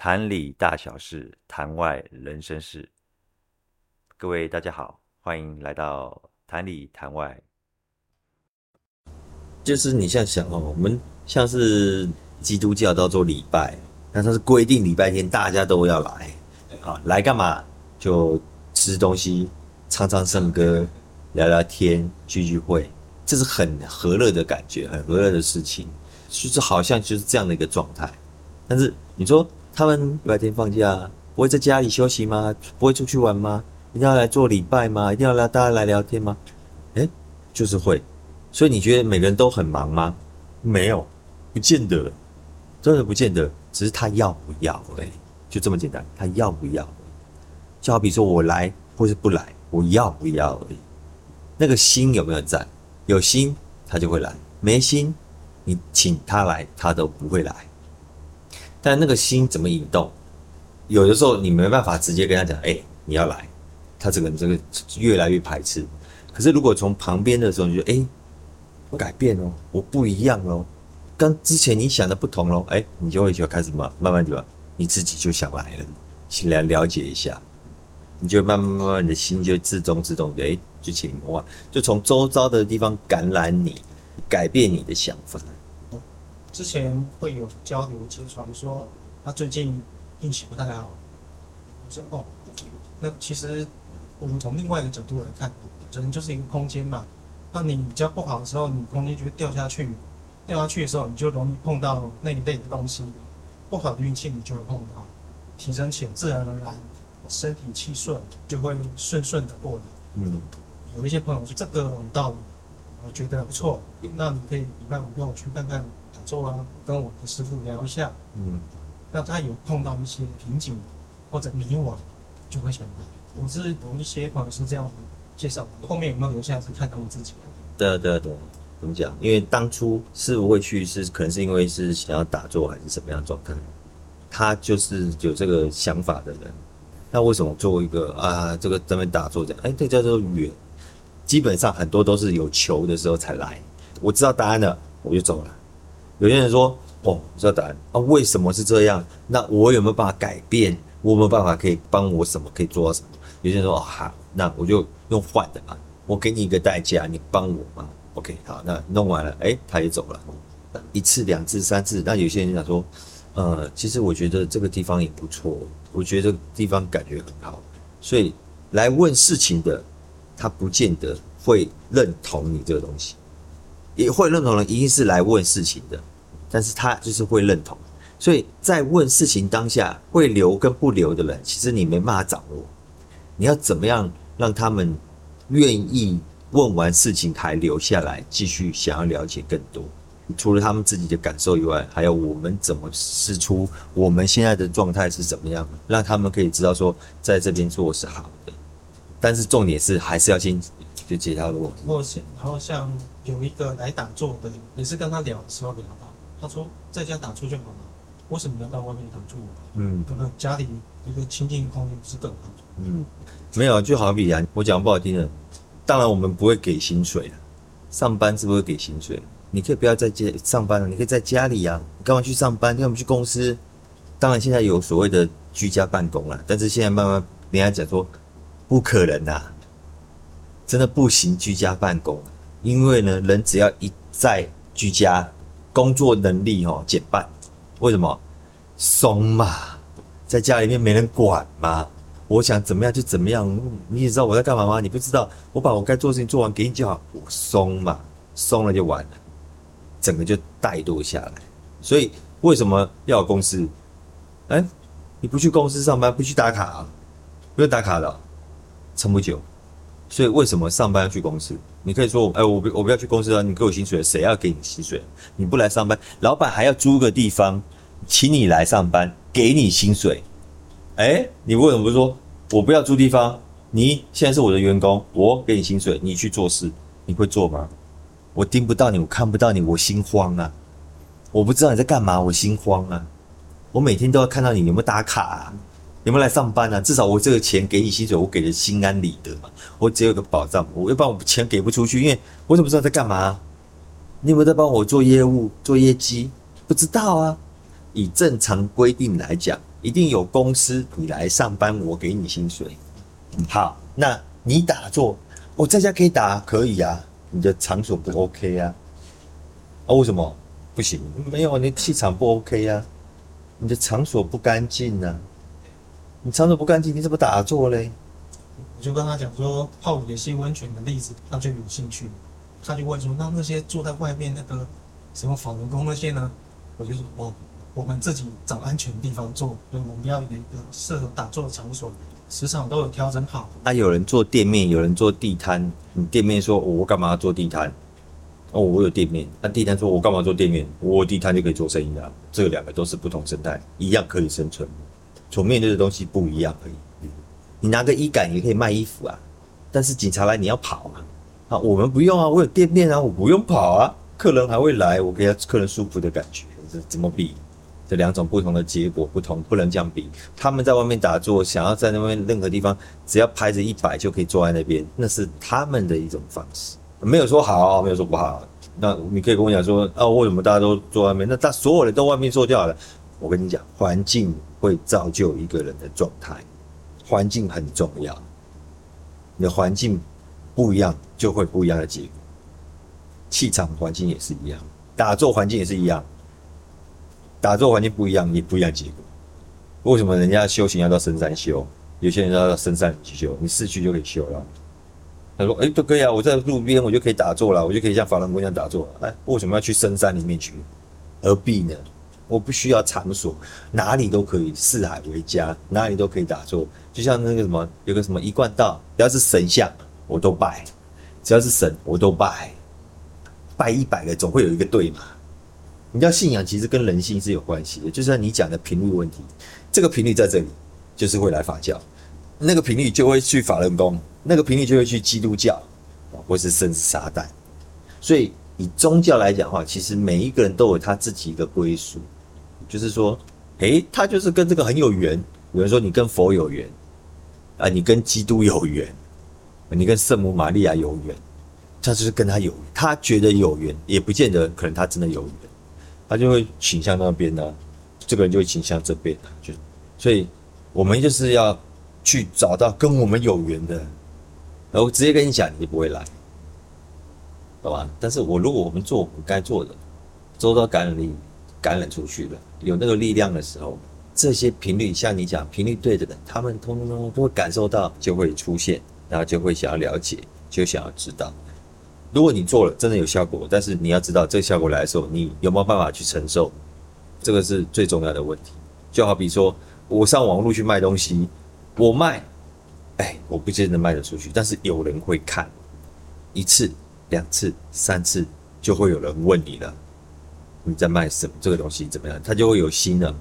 壇裡大小事，壇外人生事。各位大家好，歡迎來到壇裡談外。就是你像想哦，我們像是基督教都做禮拜，那它是規定禮拜天大家都要來，啊，來幹嘛？就吃東西、唱唱聖歌、聊聊天、聚聚會，這是很和樂的感覺，很和樂的事情，就是好像就是這樣的一個狀態。但是你說。他們禮拜天放假，不會在家裡休息嗎？不會出去玩嗎？一定要來做禮拜嗎？一定要拉大家來聊天嗎？誒、欸，就是會。所以你覺得每個人都很忙嗎？沒有，不見得，真的不見得。只是他要不要而已。就這麼簡單，他要不要而已。就好比說我來或是不來，我要不要而已。那個心有沒有在？有心他就會來，沒心你請他來他都不會來。但那個心怎麼引動？有的時候你沒辦法直接跟他講，哎、欸，你要來，他這個這個越來越排斥。可是如果從旁邊的時候，你就，哎、欸，我改變咯，我不一樣咯。跟之前你想的不同咯，哎、欸，你就會開始慢慢慢就吧你自己就想來了，想來了解一下，你就慢慢慢慢的心就自動自動，哎、欸，就潛移默化，就從周遭的地方感染你，改變你的想法。之前會有交流，聽傳說他最近運氣不太好。我說哦，那其實我們從另外一個角度來看，人就是一個空間嘛。當你比較不好的時候，你空間就會掉下去，掉下去的時候你就容易碰到那一類的東西，不好的運氣你就會碰到。提升起來，自然而然身體氣順，就會順順的過來。嗯。有一些朋友說這個有道理，我覺得不錯。那你可以禮拜五跟我去看看。做啊，跟我的師傅聊一下。嗯，那他有碰到一些瓶頸或者迷惘，就會想，我是有一些朋友是這樣介紹。後面有沒有留現在是看到我自己的？對、啊、對、啊、對、啊對啊，怎麼講？因為當初師傅會去是，是可能是因為是想要打坐，還是什麼樣的狀態？他就是有這個想法的人。那為什麼做一個啊？這個專門打坐這樣哎，這個叫做緣。基本上很多都是有求的時候才來。我知道答案了，我就走了。有些人說，哦，知道答案啊？為什麼是這樣？那我有沒有辦法改變？我有沒有辦法，可以幫我什麼？可以做到什麼？有些人說，哦、啊、哈，那我就用換的嘛，我給你一個代價，你幫我嘛。OK，好，那弄完了，哎、欸，他也走了。一次、兩次、三次，那有些人就想說，呃，其實我覺得這個地方也不錯，我覺得這個地方感覺很好，所以來問事情的，他不見得會認同你這個東西。也會認同的人，一定是來問事情的，但是他就是會認同，所以在問事情當下，會留跟不留的人，其實你沒辦法掌握。你要怎麼樣讓他們願意問完事情還留下來，繼續想要了解更多，除了他們自己的感受以外，還有我們怎麼試出我們現在的狀態是怎麼樣，讓他們可以知道說在這邊做是好的，但是重點是還是要先。就解答了我，然後像有一個來打坐的，也是跟他聊的時候聊到，他說在家打坐就好了，為什麼要到外面打坐？嗯，可能家裡一個清靜空間不是更好。嗯，嗯，沒有，就好比啊，我講不好聽的，當然我們不會給薪水啊，上班是不是給薪水？你可以不要在家上班了、啊，你可以在家裡啊，你幹嘛去上班？因為我們去公司？當然現在有所謂的居家辦公了，但是現在慢慢人家講說不可能吶、啊。真的不行，居家辦公，因為呢，人只要一在居家，工作能力哦減半。為什麼？鬆嘛，在家裡面沒人管嘛，我想怎麼樣就怎麼樣。你也知道我在幹嘛嗎？你不知道，我把我該做的事情做完，給你就好。我鬆嘛，鬆了就完了，整個就怠惰下來。所以為什麼要有公司？哎、欸，你不去公司上班，不去打卡，啊，不用打卡了、哦，撐不久。所以為什麼上班要去公司？你可以說我哎，我不我不要去公司啊！你給我薪水，誰要給你薪水？你不來上班，老闆還要租個地方，請你來上班，給你薪水。哎，你為什麼不說？我不要租地方，你現在是我的員工，我給你薪水，你去做事，你會做嗎？我盯不到你，我看不到你，我心慌啊！我不知道你在幹嘛，我心慌啊！我每天都要看到你，你有沒有打卡啊。你有沒有來上班呢、啊？至少我這個錢給你薪水，我給的心安理得嘛。我只有個保障，我要不然我錢給不出去，因為我怎麼知道在幹嘛？你有沒有在幫我做業務、做業績？不知道啊。以正常規定來講，一定有公司你來上班，我給你薪水。好，那你打坐，我在家可以打，可以啊。你的場所不 OK 啊？啊、為什麼不行？沒有，你的氣場不 OK 啊？你的場所不乾淨啊？你場所不乾淨，你怎麼打坐嘞？我就跟他講說，泡野溪溫泉的例子，他就有興趣。他就問說，那那些坐在外面那個什麼法輪功那些呢？我就說哦，我們自己找安全的地方坐，所以我們要一個適合打坐的場所，時常都有調整好。那、啊、有人做店面，有人做地攤。你店面說，我幹嘛做地攤？哦，我有店面。那、啊、地攤說，我幹嘛做店面？我地攤就可以做生意了。這兩個都是不同生態，一樣可以生存。所面對的東西不一樣而已。你拿個衣桿也可以賣衣服啊，但是警察來你要跑啊。啊，我們不用啊，我有店面啊，我不用跑啊，客人還會來，我給他客人舒服的感覺。這怎麼比？這兩種不同的結果不同，不能這樣比。他們在外面打坐，想要在那邊任何地方，只要牌子一擺就可以坐在那邊，那是他們的一種方式。沒有說好、啊，沒有說不好、啊。那你可以跟我講說，啊，為什麼大家都坐外面？那大所有人都外面坐就好了。我跟你講，環境會造就一個人的狀態，環境很重要。你的環境不一樣，就會不一樣的結果。氣場環境也是一樣，打坐環境也是一樣。打坐環境不一樣，也不一樣的結果。為什麼人家修行要到深山修？有些人要到深山裡去修，你市區就可以修了。他說：“哎，都可以啊，我在路邊我就可以打坐了，我就可以像法輪功一樣打坐了。哎，為什麼要去深山裡面去？何必呢？”我不需要場所，哪裡都可以，四海為家，哪裡都可以打坐。就像那個什麼，有個什麼一貫道，只要是神像我都拜，只要是神我都拜，拜一百個總會有一個對嘛。你知道信仰，其實跟人性是有關係的，就像你講的頻率問題，這個頻率在這裡就是會來佛教，那個頻率就會去法輪功，那個頻率就會去基督教，或是甚至撒旦。所以以宗教來講的話，其實每一個人都有他自己的歸屬。就是說，誒，他就是跟這個很有緣。有人說你跟佛有緣，啊，你跟基督有緣，啊，你跟聖母瑪利亞有緣，他就是跟他有緣。他覺得有緣，也不見得可能他真的有緣，他就會傾向那邊呢，啊。這個人就會傾向這邊，就所以，我們就是要去找到跟我們有緣的。我直接跟你講，你就不會來，懂吧？但是我如果我們做我們該做的，周遭感染力。感染出去了，有那個力量的時候，這些頻率像你講頻率對的人，他們通通都會感受到，就會出現，然後就會想要了解，就想要知道。如果你做了真的有效果，但是你要知道這個效果來的時候，你有沒有辦法去承受？這個是最重要的問題。就好比說我上網路去賣東西，我賣，哎，我不見得賣得出去，但是有人會看，一次、兩次、三次，就會有人問你了。你在賣什麼？這個東西怎麼樣？他就會有心了。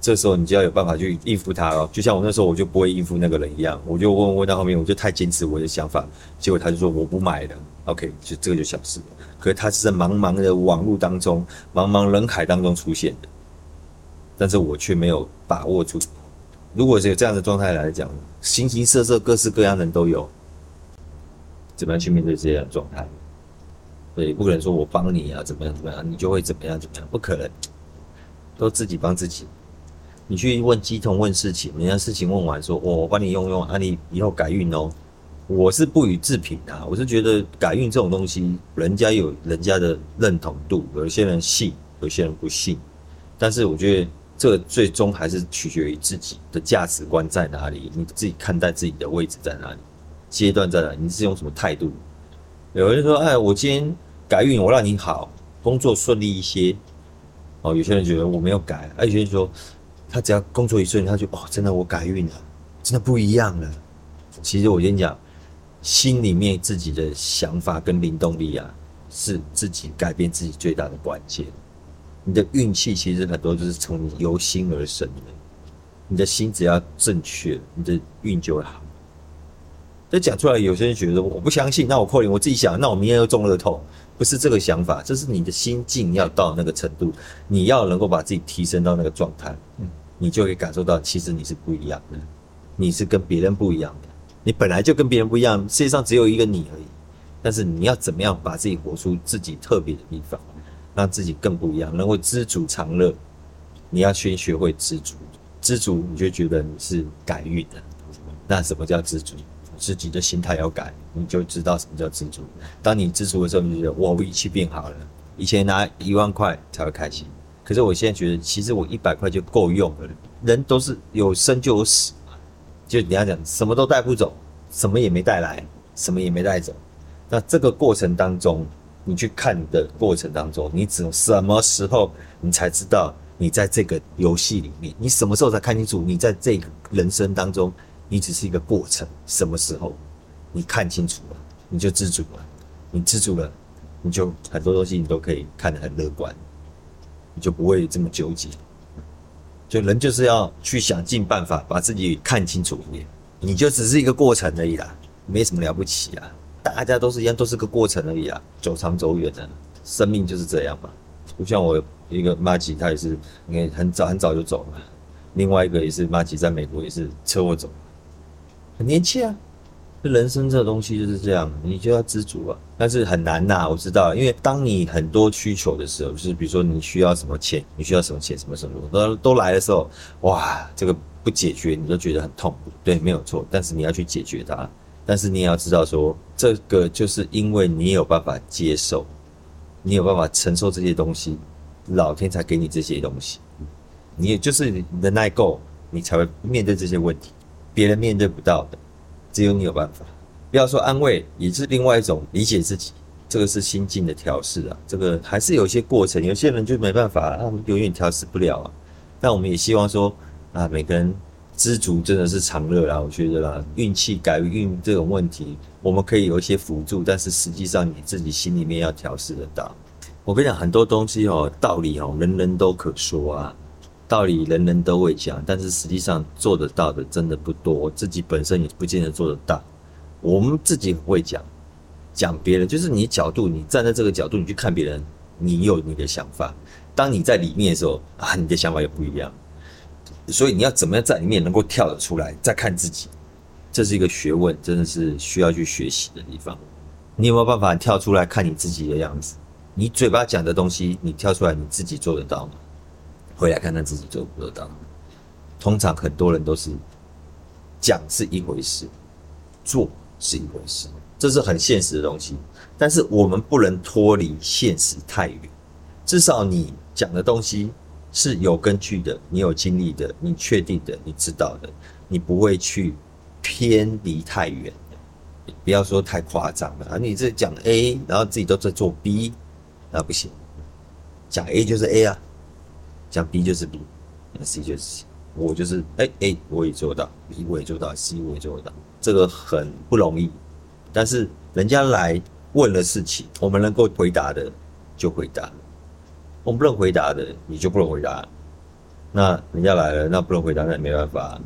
這時候你就要有辦法去應付他哦，就像我那時候，我就不會應付那個人一樣，我就問問到後面，我就太堅持我的想法，結果他就說我不買了。OK，就這個就小事了。可是他是在茫茫的網路當中，茫茫人海當中出現的，但是我卻沒有把握住。如果是有這樣的狀態來講，形形色色、各式各樣人都有，怎麼樣去面對這樣的狀態？對，不可能說我幫你啊，怎麼樣怎麼樣，你就會怎麼樣怎麼樣，不可能，都自己幫自己。你去問乩童問事情，人家事情問完說：“哦，我幫你用用，啊你以後改運哦。”我是不予置評啊，我是覺得改運這種東西，人家有人家的認同度，有些人信，有些人不信。但是我覺得這最終還是取決於自己的價值觀在哪裡，你自己看待自己的位置在哪裡，階段在哪，你是用什麼態度？有人說：“哎，我今天。”改運，我讓你好，工作順利一些。哦，有些人覺得我沒有改，而、啊、有些人說，他只要工作一順他就哦，真的我改運了，真的不一樣了。其實我跟你講，心裡面自己的想法跟靈動力啊，是自己改變自己最大的關鍵。你的運氣其實很多都是從你由心而生的，你的心只要正確，你的運就會好。所以講出來，有些人覺得我不相信。那我扣你我自己想，那我明天又中樂透，不是這個想法，這，就是你的心境要到那個程度，你要能夠把自己提升到那個狀態，嗯，你就會感受到，其實你是不一樣的，你是跟別人不一樣的，你本來就跟別人不一樣，世界上只有一個你而已。但是你要怎麼樣把自己活出自己特別的地方，讓自己更不一樣，能夠知足常樂。你要先學會知足，知足你就覺得你是改運的。那什麼叫知足？自己的心態要改，你就知道什麼叫知足。當你知足的時候，你就覺得我運氣變好了。以前拿一萬塊才會開心，可是我現在覺得，其實我一百塊就夠用了。人都是有生就有死嘛，就你要講什麼都帶不走，什麼也沒帶來，什麼也沒帶走。那這個過程當中，你去看的過程當中，你只有什麼時候你才知道你在這個遊戲裡面，你什麼時候才看清楚你在這個人生當中？你只是一個過程，什麼時候你看清楚了，你就知足了。你知足了，你就很多東西你都可以看得很樂觀，你就不會這麼糾結。就人就是要去想盡辦法把自己看清楚一點，你就只是一個過程而已啦，沒什麼了不起啊。大家都是一樣，都是個過程而已啊。走長走遠的，生命就是這樣嘛。不像我一個媽吉，他也是，應該很早很早就走了。另外一個也是媽吉，在美國也是車禍走。很年輕啊，人生這個東西就是這樣，你就要知足啊，但是很難吶、啊，我知道，因為當你很多需求的時候，就是比如說你需要什麼錢，你需要什麼錢，什麼什麼，都都來的時候，哇，這個不解決，你都覺得很痛苦。對，沒有錯，但是你要去解決它。但是你也要知道說，這個就是因為你有辦法接受，你有辦法承受這些東西，老天才給你這些東西，你也就是你的耐夠，你才會面對這些問題。別人面對不到的，只有你有辦法。不要說安慰，也是另外一種理解自己。這個是心境的調試啊，這個還是有一些過程。有些人就沒辦法，他們永遠調試不了啊。但我們也希望說啊，每個人知足真的是常樂啦。我覺得啦，運氣改運這種問題，我們可以有一些輔助，但是實際上你自己心裡面要調試得到。我跟你講，很多東西哦，道理哦，人人都可說啊。道理人人都會講，但是實際上做得到的真的不多。我自己本身也不見得做得到。我們自己很會講，講別人就是你角度，你站在這個角度，你去看別人，你有你的想法。當你在裡面的時候啊，你的想法也不一樣。所以你要怎麼樣在裡面能夠跳得出來，再看自己，這是一個學問，真的是需要去學習的地方。你有沒有辦法跳出來看你自己的樣子？你嘴巴講的東西，你跳出來你自己做得到嗎？回來看看自己做不做得到。通常很多人都是講是一回事，做是一回事，這是很現實的東西。但是我們不能脫離現實太遠，至少你講的東西是有根據的，你有經歷的，你確定的，你知道的，你不會去偏離太遠。不要說太誇張了啊！你這講 A，然後自己都在做 B，那、啊、不行。講 A 就是 A 啊。像 B 就是 B，C 就是 C，我就是哎哎、欸欸，我也做到，B 我也做到，C 我也做到，這個很不容易。但是人家來問了事情，我們能夠回答的就回答了，我們不能回答的你就不能回答。那人家來了，那不能回答，那也沒辦法。